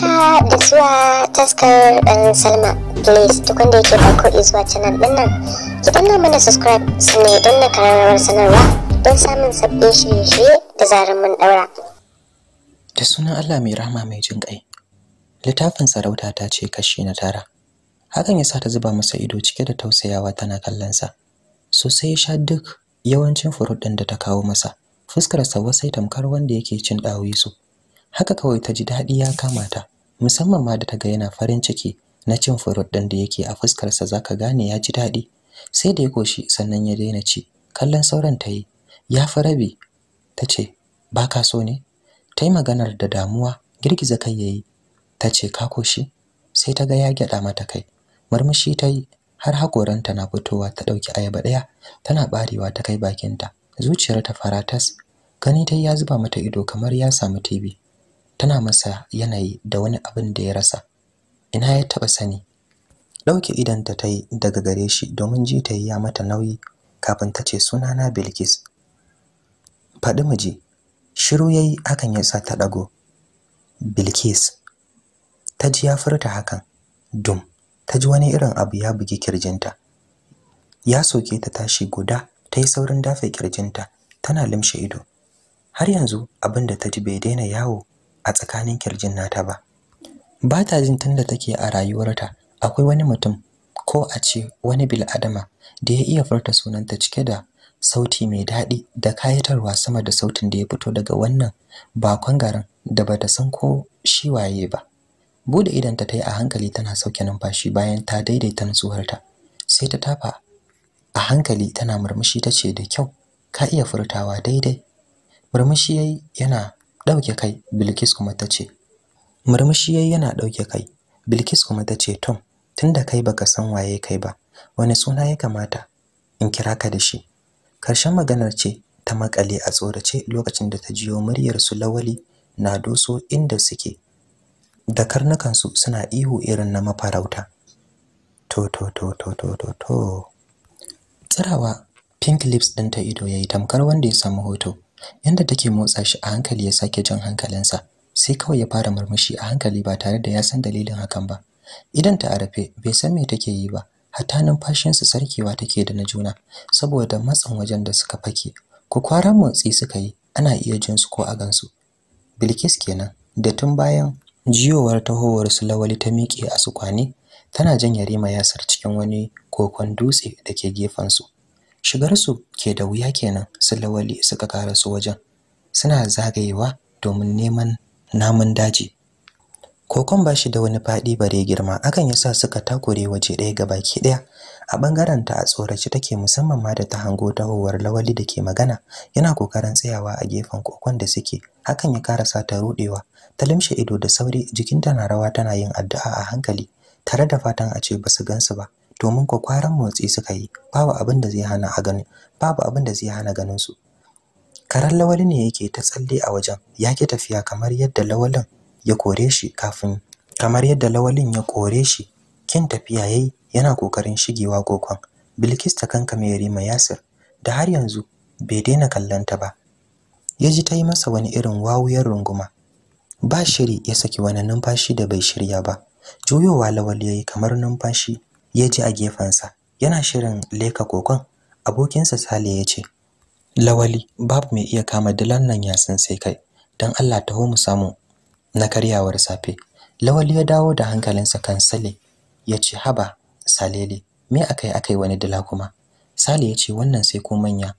haka ah, da zuwa taskar ɗan um, salma please duk wanda yake farko izuwa canal ɗin nan ki danna mana subscribe sannan don na kararrawar sanarwa don samun sabbin shirye-shirye da zarar mun ɗaura da sunan allah mai rahama mai jin ƙai littafin sarauta ta ce kashi na tara hakan ya sa ta zuba masa ido cike da tausayawa tana kallon sa. sosai ya sha duk yawancin furut ɗin da ta kawo masa fuskarsa wasai tamkar wanda yake cin ɗawisu haka kawai ta ji daɗi ya kamata, musamman ma da ta ga yana farin ciki na cin furot ɗin da yake a fuskarsa za ka gane ya ji daɗi sai da ya koshi sannan ya daina ci kallon sauran ta yi ya fi rabi ta ce ba ka so ne ta yi maganar da damuwa girgiza kai ya yi ta ce ka koshi sai ta ga ya gyaɗa mata kai murmushi ta yi har hakoranta na fitowa ta ɗauki ayaba ɗaya tana barewa ta kai bakinta zuciyar ta faratas gani ta ya zuba mata ido kamar ya samu tibi tana masa yanayi da wani abin da ya rasa ina ya taba sani dauke idanta ta yi daga gare shi domin ji ta yi ya mata nauyi kafin ta ce sunana Bilkis faɗi miji shiru yayi hakan ya sa ta dago Bilkis ta ji ya furta hakan dum ta ji wani irin abu ya bugi kirjinta ya soke ta tashi guda ta yi saurin dafe kirjinta tana limshe ido har yanzu abin da ta ji bai daina yawo a tsakanin kirjin nata ba ba ta jin tunda take a rayuwarta akwai wani mutum ko a ce wani bil'adama da ya iya furta sunanta cike da sauti mai daɗi da kayatarwa sama da sautin da ya fito daga wannan bakon garin da bata san ko shi waye ba bude idanta ta yi a hankali tana sauke numfashi bayan ta daidaita nutsuwarta sai ta tafa a hankali tana murmushi ta ce da kyau ka iya furtawa daidai murmushi yana Dauke kai Bilkis kuma ta ce murmushi yayi yana ɗauke kai Bilkis kuma ta ce Tom tunda kai baka san waye kai ba wani suna ya kamata in kira ka da shi karshen maganar ce ta makale a tsorace lokacin da ta jiyo muryar su lawali na doso inda suke da karnukansu suna ihu irin na mafarauta to to to to to to to tsirawa pink lips ta ido yayi tamkar wanda ya samu hoto yanda take motsa shi a hankali ya sake jan hankalinsa sai kawai ya fara murmushi a hankali ba tare da ya san dalilin hakan ba idan ta arafe bai san me take yi ba hatta su sarkewa take da na juna saboda matsin wajen da suka fake Ku kwaran motsi suka yi ana iya jin su ko a gansu bilkis kenan da tun bayan jiyowar tahowar su lawali ta miƙe a su kwane tana jan yarima yasar cikin wani kokon dutse da ke gefen su shigarsu ke da wuya kenan su lawali suka su wajen suna zagayewa domin neman namun daji kokon ba shi da wani faɗi bare girma akan yasa suka takure waje ɗaya ga baki ɗaya a ɓangaren ta a tsorace take musamman ma da ta hango tahowar lawali da ke magana yana kokarin tsayawa a gefen kokon da suke hakan ya karasa ta ruɗewa ta limshe ido da sauri jikinta na rawa tana yin addu'a a hankali tare da fatan a ce ba basu gansu ba domin kwakwaran motsi suka yi babu abin da zai hana a ganin babu abin da zai hana ganin su Karen lawali ne yake ta tsalle a wajen ya tafiya kamar yadda lawalin ya kore shi kafin kamar yadda lawalin ya kore shi kin tafiya yayi yana kokarin shigewa kokon Bilkis ta kanka mai rima Yasir da har yanzu bai daina kallanta ba ya ji ta yi masa wani irin wawuyar runguma ba shiri ya saki wani numfashi da bai shirya ba juyowa ya yayi kamar numfashi ya ji a gefensa yana shirin leka kokon abokinsa sale ya ce lawali babu mai iya kama dilan nan yasin sai kai don allah taho mu samu na karyawar safe lawali ya dawo da hankalinsa kan sale ya ce haba salele me akai akai wani dila kuma sale ya ce wannan sai ko manya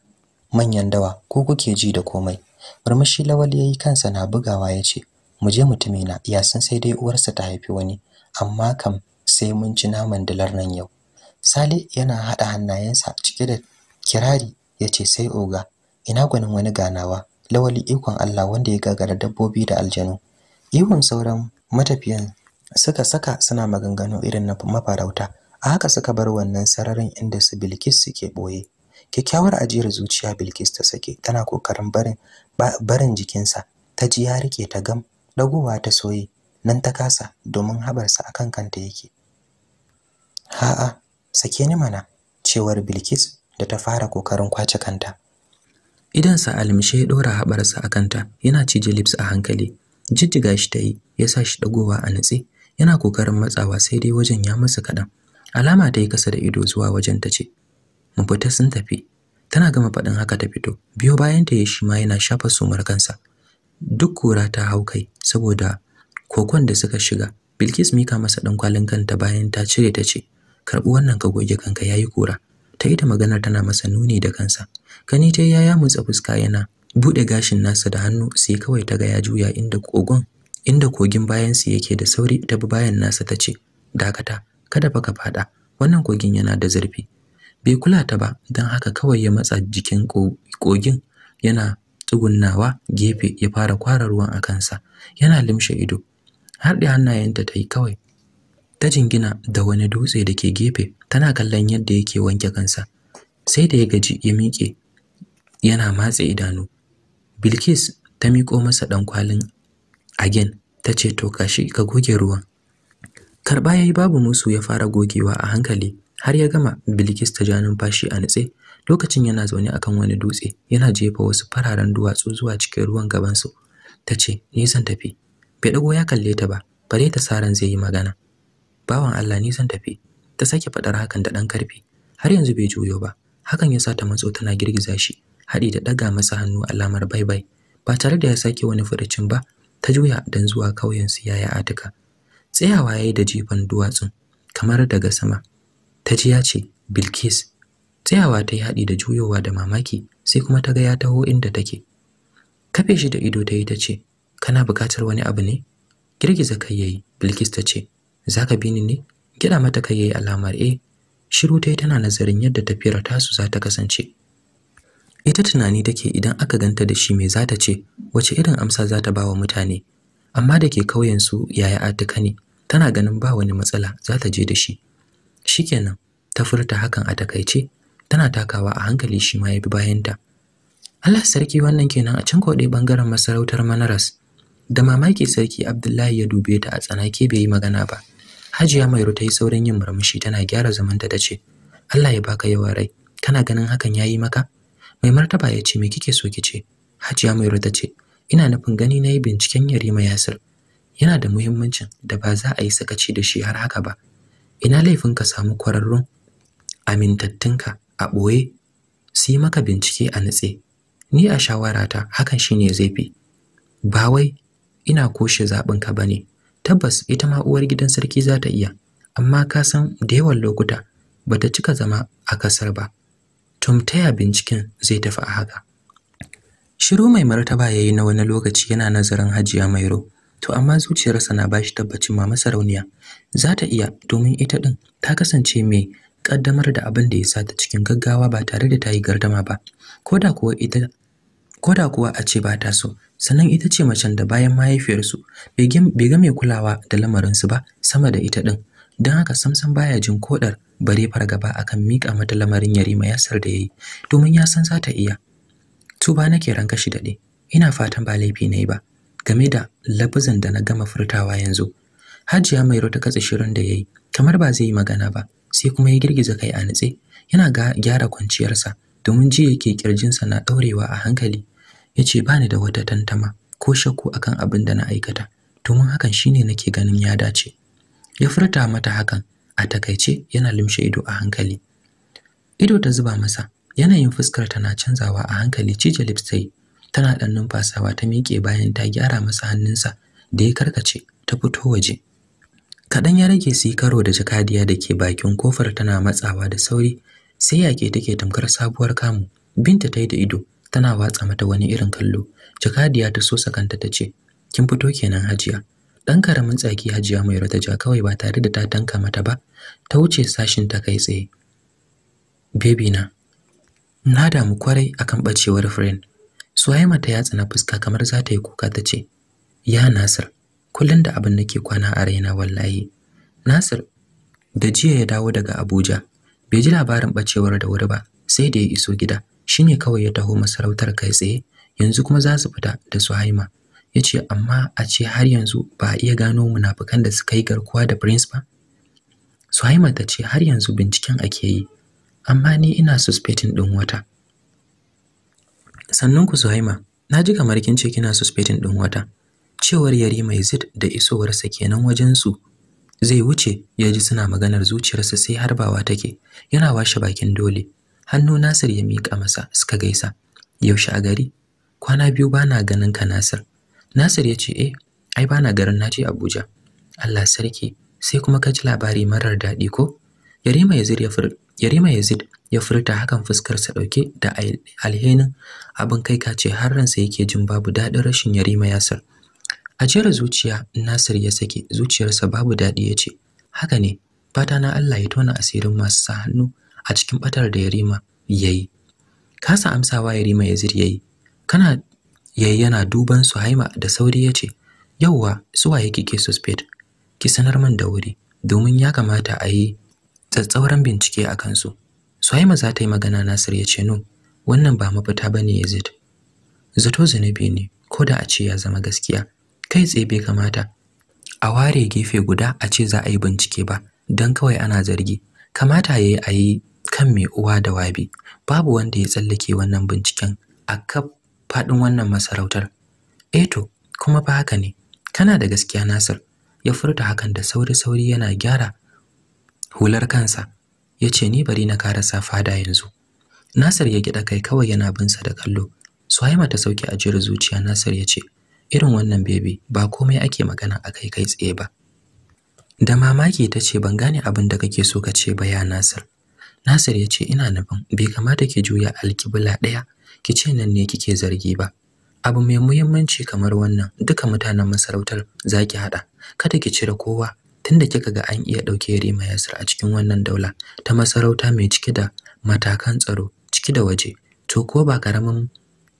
manyan dawa ko kuke ji da komai murmushi lawali ya yi kansa na bugawa ya ce mu je mutumina yasin sai dai uwarsa ta haifi wani amma kam sai mun ci naman dalar nan yau sale yana haɗa hannayensa cike da kirari ya ce sai oga ina gwanin wani ganawa lawali ikon Allah wanda ya gagara dabbobi da aljanu ihun sauran matafiyan suka saka suna maganganu irin na mafarauta a haka suka bar wannan sararin inda su Bilkis suke ɓoye. kyakkyawar ajiyar zuciya Bilkis ta sake tana kokarin barin barin jikinsa ta ji ya rike ta gam dagowa ta soye nan ta kasa domin habarsa akan kanta yake Ha'a, sake ni mana, cewar Bilkis da ta fara kokarin kwace kanta. Idan sa almishe ya ɗora haɓarsa a kanta, yana cije lips a hankali. Jijjiga shi ta yi, ya sa shi ɗagowa a natse, yana kokarin matsawa sai dai wajen ya masa kaɗan. Alama ta yi kasa da ido zuwa wajen ta ce, Mu sun tafi. Tana gama faɗin haka ta fito, biyo bayan ta ya shi ma yana shafa sumar kansa. Duk kura ta hau kai saboda kokon da suka shiga. Bilkis mika masa ɗan kwalin kanta bayan ta cire ta ce, karɓi wannan ka goge kanka yayi kura ta yi da maganar tana masa nuni da kansa gani ta ya ya mutsa fuska yana buɗe gashin nasa da hannu sai kawai ta ga ya juya inda kogon inda kogin sa yake da sauri ta bi bayan nasa ta ce dakata kada fa ka faɗa wannan kogin yana da zurfi bai kula ta ba don haka kawai ya matsa jikin kogin yana tsugunnawa gefe ya fara kwara ruwan a kansa yana limshe ido har da hannayenta ta yi kawai ta jingina da wani dutse da ke gefe tana kallon yadda yake wanke kansa sai da ya gaji ya miƙe yana matse idanu bilkis ta miƙo masa ɗan kwalin agen ta ce to kashi ka goge ruwan karɓa ya yi babu musu ya fara gogewa a hankali har ya gama bilkis ta ja numfashi a nutse lokacin yana zaune akan wani dutse yana jefa wasu fararen duwatsu zuwa cikin ruwan gabansu ta ce ni tafi bai ɗago ya kalle ta ba bare ta saran zai yi magana bawan Allah ni zan tafi ta sake faɗar hakan da ɗan karfi har yanzu bai juyo ba hakan ya sa ta matso tana girgiza shi Hadi da ɗaga masa hannu alamar bye-bye. ba tare da ya sake wani furucin ba ta juya dan zuwa kauyen su yaya atika tsayawa yayi da jifan duwatsun kamar daga sama ta ji ya ce bilkis tsayawa ta yi haɗi da juyowa da mamaki sai kuma ta ga ya taho inda take kafe shi da ido ta yi ta ce kana bukatar wani abu ne girgiza kai yayi bilkis ta ce zaka bi ni ne Kiɗa mata kai yi alamar A. Eh. shiru ta yi tana nazarin yadda tafiyar tasu za ta kasance ita tunani take idan aka ganta da shi mai za ta ce wace irin amsa za ta ba wa mutane amma da ke kauyen su yaya atika ne tana ganin ba wani matsala za ta je da shi shi kenan ta furta hakan a takaice tana takawa a hankali shi ma ya bi bayanta Allah sarki wannan kenan a can kwaɗe ɓangaren masarautar Manaras da mamaki sarki Abdullahi ya dube ta a tsanake bai yi magana ba Hajiya Mairu ta yi saurin yin murmushi tana gyara zamanta ta ce, Allah ya baka yawa rai, kana ganin hakan ya yi maka? Mai martaba ya ce, me kike so kice Hajiya Mairu ta ce, ina nufin gani na yi binciken Yarima Yasir. Yana da muhimmancin da ba za a yi sakaci da shi har haka ba. Ina laifin ka samu kwararrun Amintattun ka a ɓoye su yi maka bincike a nutse. Ni a shawarata hakan shine zai fi. Ba wai ina koshe zaɓinka ba ne, tabbas ita ma uwar gidan sarki za ta iya amma ka san da yawan lokuta ba ta cika zama a kasar ba tumtaya binciken zai tafi a haka shiru mai martaba ya yi na wani lokaci yana nazarin hajiya mairo to amma zuciyarsa na bashi tabbacin mama sarauniya za ta iya domin ita din, ta kasance mai kaddamar da abin da ya sa ta cikin gaggawa ba tare da ta yi gardama ba koda kuwa ita kuwa a ce ba ta so sannan ita ce macen da bayan mahaifiyarsu bai ga mai kulawa da lamarinsu ba sama da ita ɗin don haka samson baya jin kodar bare fargaba akan miƙa mata lamarin yarima yasar da ya yi domin ya san za ta iya tuba nake ranka shi daɗe ina fatan ba laifi na yi ba game da labuzan da na gama furtawa yanzu hajiya mairo ta katse shirin da ya yi kamar ba zai yi magana ba sai kuma ya girgiza kai a nitse. yana ga gyara kwanciyarsa domin ji yake kirjinsa na ɗaurewa a hankali ya ce ba ni da wata tantama ko shakku akan abin da na aikata domin hakan shine nake ganin ya dace ya furta mata hakan a takaice yana limshe ido a hankali ido ta zuba masa yanayin fuskar tana canzawa a hankali cije lipstick tana dan numfasawa ta miƙe bayan ta gyara masa hannunsa da ya karkace ta fito waje kadan ya rage su karo da jakadiya da ke bakin kofar tana matsawa da sauri sai yake take tamkar sabuwar kamu binta ta yi da ido tana watsa mata wani irin kallo jakadiya ta so sakanta ta ce kin fito kenan hajiya dan karamin tsaki hajiya mai rata ja kawai ba tare da ta tanka mata ba ta wuce sashin ta kai tsaye baby na na damu kwarai akan bacewar friend suwaima ta yatsa na fuska kamar za ta yi kuka ta ce ya nasir kullum da abin nake kwana a raina wallahi nasir da jiya ya dawo daga abuja bai ji labarin bacewar da wuri ba sai da ya iso gida shine kawai ya taho masarautar kai tsaye yanzu kuma za su fita da Suhaima yace amma a ce har yanzu ba a iya gano munafukan da suka yi garkuwa da prince ba Suhaima ta ce har yanzu binciken ake yi amma ni ina suspecting din wata sannan ku Suhaima na ji kamar kin ce kina suspecting din wata cewar Yari mai zit da isowarsa kenan wajen su zai wuce ya ji suna maganar zuciyarsa sai harbawa take yana washe bakin dole hannu Nasir ya mika masa suka gaisa yaushe a gari kwana biyu bana ganin ka Nasir Nasir ya ce eh ai bana garin naje Abuja Allah sarki sai kuma ka ji labari marar daɗi ko Yarima Yazid ya fur Yarima Yazid ya furta hakan fuskar sa dauke da alhenin abin kai kace har ransa yake jin babu daɗin rashin Yarima Yasir a jiyar zuciya Nasir ya sake zuciyarsa babu daɗi ya ce haka ne fata na Allah ya tona asirin masu sa hannu a cikin batar da Yarima yayi kasa amsawa Yarima Yazid yayi kana yayi yana duban Suhaima da sauri yace yauwa suwa yake ke suspect ki sanar man da wuri domin ya kamata a yi tsatsauran bincike a kansu Suhaima za ta yi magana Nasir ya ce no wannan ba mafita bane Yazid zato zunubi ne ko da a ce ya zama gaskiya kai tsaye bai kamata a ware gefe guda a ce za a yi bincike ba don kawai ana zargi kamata yayi a yi kan mai uwa da wabi babu wanda ya tsallake wannan binciken a kaf faɗin wannan masarautar Eto, eh kuma fa haka ne kana da gaskiya Nasir ya furta hakan da sauri-sauri yana gyara hular kansa ya ce ni bari na karasa fada yanzu Nasir ya gida kai kawai yana bin sa da kallo Suhaima ta sauke a jira zuciya Nasir ya ce irin wannan bebe ba komai ake magana a kai kai tsaye ba da mamaki ta ce ban gane abin da kake so ka ce ba ya Nasir Nasir ya ce ina nufin bai kamata ki juya alƙibla ɗaya ki ce nan ne kike zargi ba. Abu mai muhimmanci kamar wannan duka mutanen masarautar za ki haɗa. Kada ki cire kowa tunda kika ga an iya ɗauke Rima Yasir a cikin wannan daula ta masarauta mai cike da matakan tsaro ciki da waje. To ko ba karamin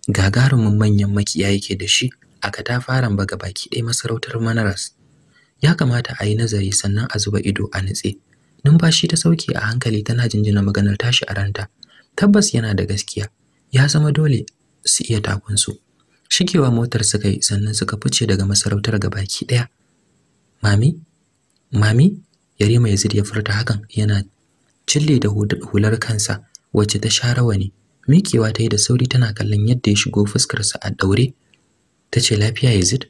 gagarumin manyan makiya yake da shi a katafaren ba baki ɗaya masarautar Manaras. Ya kamata a yi nazari sannan a zuba ido a nutse numfashi ta sauke a hankali tana jinjina maganar tashi a ranta tabbas yana da gaskiya ya zama dole su iya takunsu shigewa motar suka yi sannan suka fice daga masarautar gabaki daya mami mami yarima yazid ya furta hakan yana cille da hular kansa wacce ta sha rawani mikewa ta yi da sauri tana kallon yadda ya shigo fuskarsa a daure ta ce lafiya yazid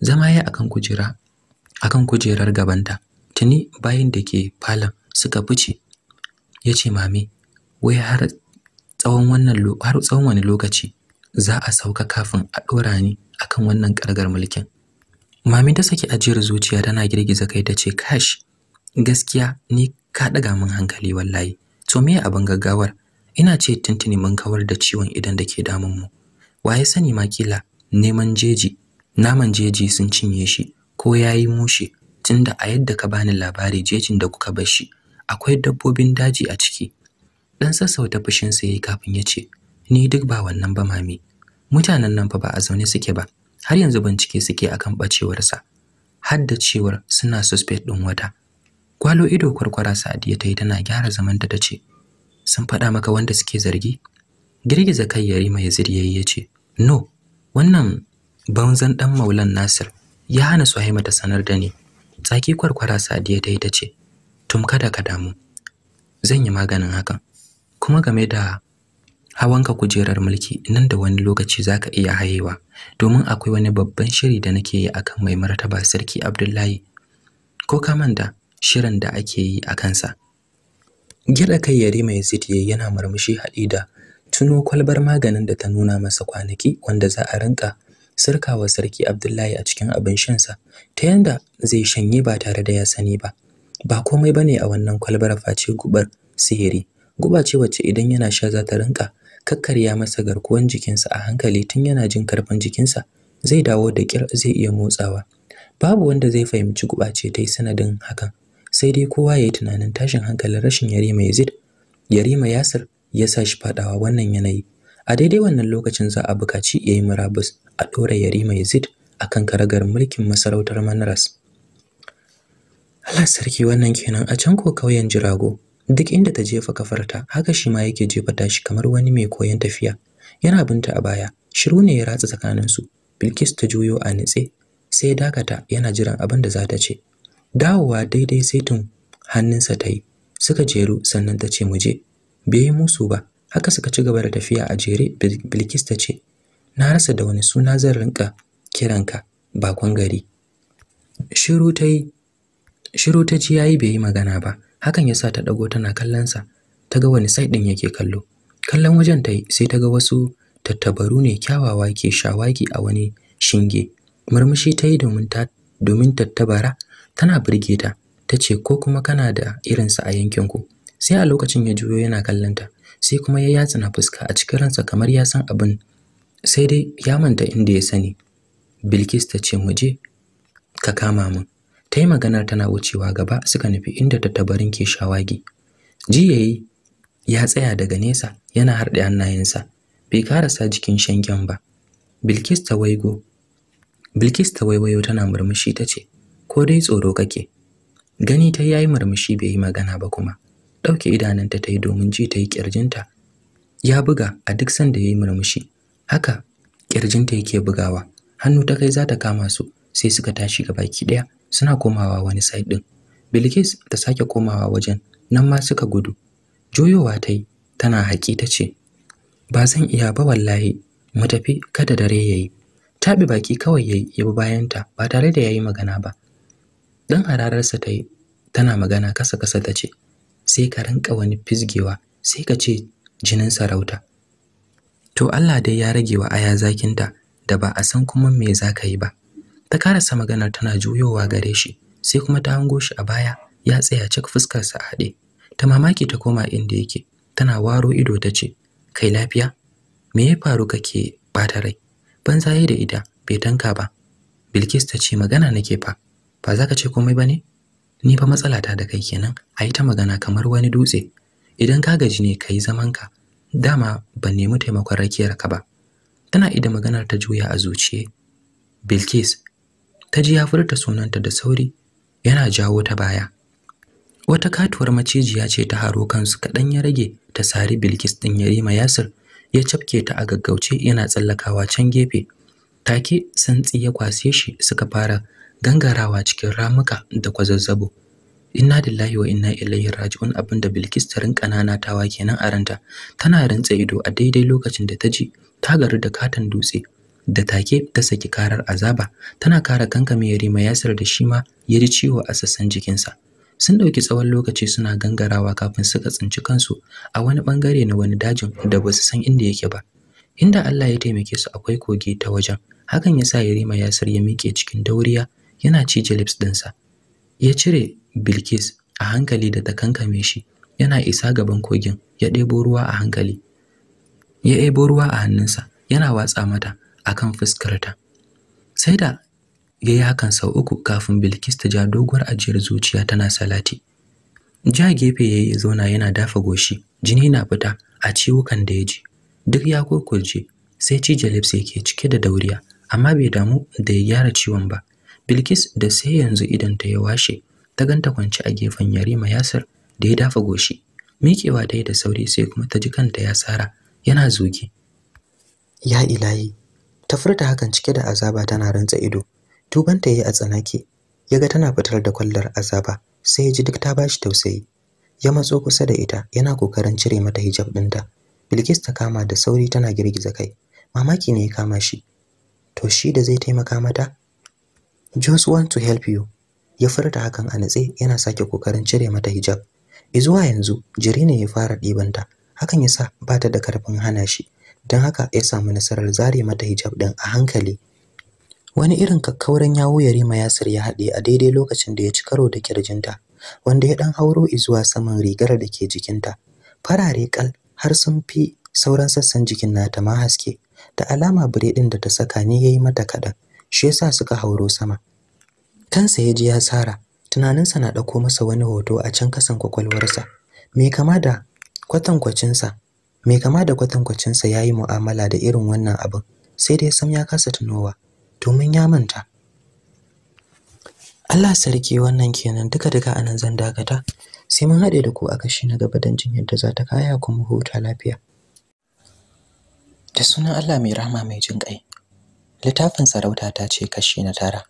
zama ya akan kujera akan kujerar gabanta tuni bayan da ke falon suka fice ya ce mami wai har tsawon wannan har tsawon wani lokaci za a sauka kafin a ɗora ni akan wannan ƙargar mulkin mami ta saki ajiyar zuciya tana girgiza kai ta ce kash gaskiya ni ka ɗaga min hankali wallahi to me abin gaggawar ina ce tuntuni mun kawar da ciwon idan da ke mu. waye sani ma kila neman jeji naman jeji sun cinye shi ko yayi mushe tunda a yadda ka bani labari jejin da kuka bar shi akwai dabbobin daji a ciki dan sassauta fushin sa yayi kafin ya ce ni duk ba wannan ba mami mutanen nan fa ba a zaune suke ba har yanzu bincike suke akan bacewar sa har da cewar suna suspect din wata Kwalo ido kwarkwara Sa'adiya ta yi tana gyara zaman ta ce. sun faɗa maka wanda suke zargi girgiza kai Yarima Yazid yayi ce. no wannan banzan dan Maulan Nasir ya hana Suhaima ta sanar da ni tsaki kwarkwara sadiya ta ta ce tum kada ka damu zan yi maganin hakan kuma game da hawanka kujerar mulki nan da wani lokaci zaka iya hayewa domin akwai wani babban shiri da nake yi akan mai martaba sarki Abdullahi ko ka da shirin da ake yi a kansa gida kai yare mai zitiye yana murmushi haɗi da tuno kwalbar maganin da ta nuna masa kwanaki wanda za a rinka sirkawa sarki Abdullahi a cikin abin shansa ta yanda zai shanye ba tare da ya sani ba ba komai bane a wannan kwalbar face gubar sihiri guba ce wacce idan yana sha za ta rinka kakkarya masa garkuwan jikinsa a hankali tun yana jin karfin jikinsa zai dawo da kyar zai iya motsawa babu wanda zai fahimci guba ce ta yi sanadin hakan sai dai kowa ya yi tunanin tashin hankalin rashin yarima yazid yarima yasir ya sa shi faɗawa wannan yanayi a daidai wannan lokacin za a buƙaci ya yi murabus a ɗora yarima zid akan karagar mulkin masarautar Manaras. Allah sarki wannan kenan a can ko kauyen Jirago duk inda ta jefa kafarta haka shi ma yake jefa tashi kamar wani mai koyon tafiya yana binta a baya shiru ne ya ratsa tsakaninsu Bilkis ta juyo a nitse sai dakata yana jiran abin da za ta ce dawowa daidai sai tun hannunsa ta yi suka jeru sannan ta ce mu je bai musu ba haka suka ci gaba da tafiya a jere Bilkis ta ce na rasa da wani suna zan rinka kiranka bakon gari shiru ta yi shiru ta ji yayi bai yi magana ba hakan yasa ta ɗago tana kallon sa ta ga wani side din yake kallo kallon wajen ta yi sai ta ga wasu tattabaru ne kyawawa ke shawagi a wani shinge murmushi ta yi domin ta domin tattabara tana burge ta ta ce ko kuma kana da irinsa a yankinku sai a lokacin ya juyo yana kallonta sai kuma ya yatsina fuska a cikin ransa kamar ya san abin sai dai ya manta inda ya sani Bilkis ta ce mu je ka kama min. Ta yi maganar tana wucewa gaba suka nufi inda tattabarin ke shawagi. Ji yi, ya tsaya daga nesa yana harɗe hannayensa bai karasa jikin shangen ba. Bilkis ta waigo Bilkis ta waiwayo tana murmushi ta ce ko dai tsoro kake. Gani ta yayi murmushi bai yi magana ba kuma. Ɗauke idananta ta yi domin ji ta yi ƙirjinta. Ya buga a duk sanda ya yi murmushi. Haka ƙirjinta yake bugawa. hannu ta kai za ta kama su sai suka tashi ga baki ɗaya suna komawa wani side ɗin bilkis ta sake komawa wajen nan ma suka gudu joyowa ta yi tana haƙi ta ce ba zan iya ba wallahi mu tafi kada dare ya yi taɓi baki kawai ya yi ya bi bayanta ba tare da ya yi magana ba ɗan hararsa ta yi tana magana kasa kasa ta ce sai ka rinka wani fizgewa sai ka ce jinin sarauta to Allah dai ya rage wa aya zakinta da ba a san kuma me za ka yi ba ta karasa maganar tana juyowa gare shi sai kuma ta hango shi a baya ya tsaya cik fuskar a haɗe ta mamaki ta koma inda yake tana waro ido ta ce kai lafiya me ya faru kake bata rai banza yi da ita bai tanka ba bilkis ta ce magana nake fa ba za ka ce komai ba ne ni fa matsala ta da kai kenan a yi ta magana kamar wani dutse idan ka gaji ne ka yi zamanka dama ban nemi taimakon rakiyarka ba tana ida maganar ta juya a zuciye Bilkis ta ji ya furta sunanta da sauri yana jawo ta baya wata katuwar macijiya ce ta haro kansu kaɗan ya rage ta sari Bilkis ɗin Yarima Yasir ya cafke ta a gaggauce yana tsallakawa can gefe take santsi ya kwase shi suka fara gangarawa cikin ramuka da kwazazzabo inna lillahi wa inna ilaihi raji'un abinda Bilkis ta rinka nanatawa kenan a ranta tana rantsa ido a daidai lokacin da ta ji ta garu da katon dutse da take ta saki karar azaba tana kara kankame Yarima yasar da shi ma ya ciwo a sassan jikinsa sun ɗauki tsawon lokaci suna gangarawa kafin suka tsinci kansu a wani ɓangare na wani dajin da ba su san inda yake ba inda Allah ya taimake su akwai kogi ta wajen hakan yasa Yarima yasar ya miƙe cikin dauriya yana cije lips ɗinsa ya cire bilkis a hankali da ta kankame shi yana isa gaban kogin ya ɗebo ruwa a hankali ya ɗebo ruwa a hannunsa yana watsa mata a kan fuskarta sai da ya yi hakan sau uku kafin bilkis ta ja doguwar ajiyar zuciya tana salati ja gefe ya yi zauna yana dafa goshi jini na fita a ciwukan da ya ji duk ya kurkurje sai cije yake cike da dauriya amma bai damu da ya gyara ciwon ba Bilkis da sai yanzu idan ta ya washe, ta ganta kwance a gefen Yarima Yasir da ya dafa goshi. Miƙewa dai da sauri sai kuma ta ji kanta ya sara yana zugi. Ya ilahi, ta furta hakan cike da azaba tana rantsa ido. Tubanta yi a tsanake, ya ga tana fitar da kwallar azaba, sai ya ji duk ta bashi tausayi. Ya matso kusa da ita, yana kokarin cire mata hijab ɗinta. Bilkis ta kama da sauri tana girgiza kai. Mamaki ne ya kama shi. To shi da zai taimaka mata, just want to help you ya furta hakan a natse yana sake kokarin cire mata hijab izuwa yanzu jiri ne ya fara ɗibanta hakan yasa ba ta da karfin hana shi don haka ya samu nasarar zare mata hijab din a hankali wani irin kakkauran yawo ya rima yasir ya haɗe a daidai lokacin da ya ci karo da kirjinta wanda ya ɗan hauro izuwa saman rigar da ke jikinta farare kal har sun fi sauran sassan jikin nata ma haske da alama biredin da ta saka ne yayi mata kaɗan shi yasa suka hauro sama kansa ya ji ya tsara tunaninsa na ɗauko masa wani hoto a can kasan kwakwalwarsa mai kama da kwatankwacinsa mai kama da kwatankwacinsa ya yi mu'amala da irin wannan abin sai dai sam ya kasa tunowa domin ya manta Allah sarki wannan kenan duka duka anan zan dakata sai mun haɗe da ku a kashi na gaba don jin yadda za ta kaya kuma huta lafiya da sunan Allah mai rahama mai jin ƙai littafin sarauta ta ce kashi na tara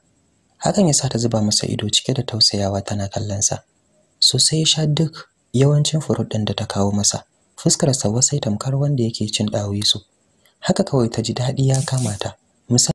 hakan yasa ta zuba masa ido cike da tausayawa tana kallon sa sosai ya sha duk yawancin furut ɗin da ta kawo masa fuskar sa wasai tamkar wanda yake cin ɗawisu haka kawai ta ji daɗi ya kamata ta